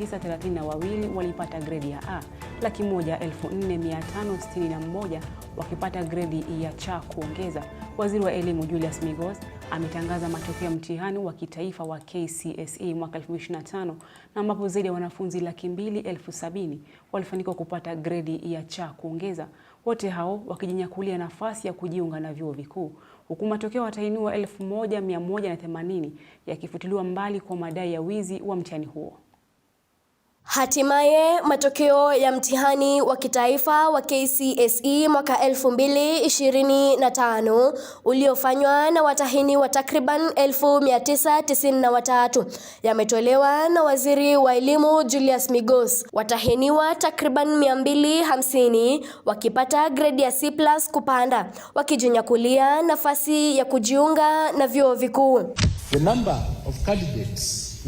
tisa na wawili walipata gredi ya A, laki moja elfu nne mia tano sitini na wakipata gredi ya cha kuongeza. Waziri wa Elimu Julius Migos ametangaza matokeo ya mtihani wa kitaifa wa KCSE mwaka 2025 na ambapo zaidi ya wanafunzi laki mbili elfu sabini walifanikiwa kupata gredi ya cha kuongeza, wote hao wakijinyakulia nafasi ya kujiunga na vyuo vikuu, huku matokeo watahiniwa 1180 yakifutiliwa mbali kwa madai ya wizi wa mtihani huo. Hatimaye matokeo ya mtihani wa kitaifa wa KCSE mwaka 2025 uliofanywa na watahini wa takriban 1993 yametolewa na Waziri wa Elimu Julius Migos. Watahiniwa takriban 250 wakipata grade ya C+ kupanda, wakijinyakulia nafasi ya kujiunga na vyuo vikuu. The number of candidates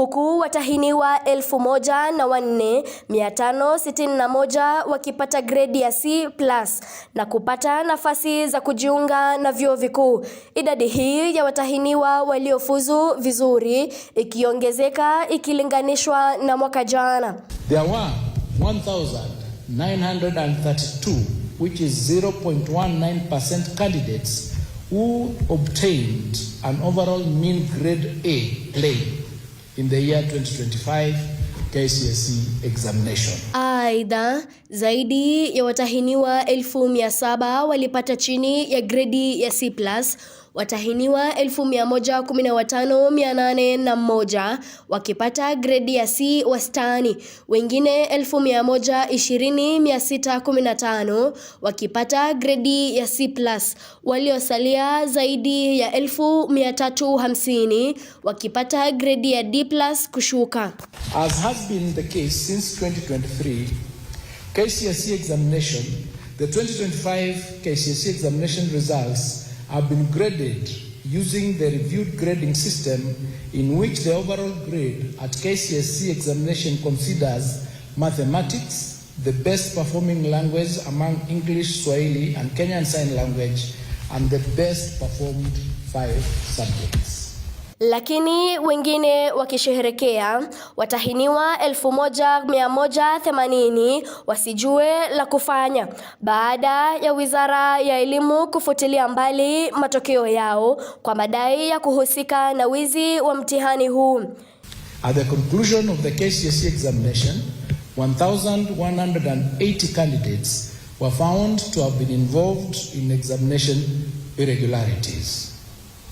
huku watahiniwa elfu moja na wanne mia sitini na moja wakipata gredi ya C plus na kupata nafasi za kujiunga na vyuo vikuu. Idadi hii ya watahiniwa waliofuzu vizuri ikiongezeka ikilinganishwa na mwaka jana. There were 1932 which is 0.19% candidates who obtained an overall mean grade A plane in the year 2025 KCSE examination. Aidha, zaidi ya watahiniwa 1700 walipata chini ya gredi ya C+ watahiniwa 1115,801 wakipata gredi ya C wastani, wengine 120,615 wakipata gredi ya C+, waliosalia zaidi ya 1350 wakipata gredi ya D+ kushuka. As has been the case since 2023, KCSE examination, the 2025 KCSE examination results have been graded using the reviewed grading system in which the overall grade at KCSE examination considers mathematics the best performing language among English, Swahili, and Kenyan Sign Language, and the best performed five subjects. lakini wengine wakisherehekea watahiniwa 1180 wasijue la kufanya baada ya Wizara ya Elimu kufutilia mbali matokeo yao kwa madai ya kuhusika na wizi wa mtihani huu. At the conclusion of the KCSE examination, 1180 candidates were found to have been involved in examination irregularities.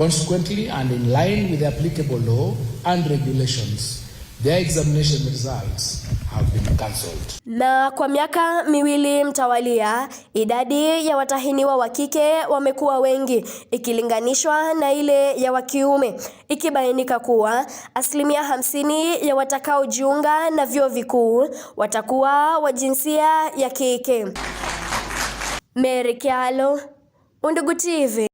Consequently, and in line with the applicable law and regulations, their examination results have been cancelled. Na kwa miaka miwili mtawalia, idadi ya watahiniwa wa kike wamekuwa wengi ikilinganishwa na ile ya wa kiume, ikibainika kuwa asilimia hamsini ya watakaojiunga na vyuo vikuu watakuwa wa jinsia ya kike. Mary Kyalo, Undugu TV.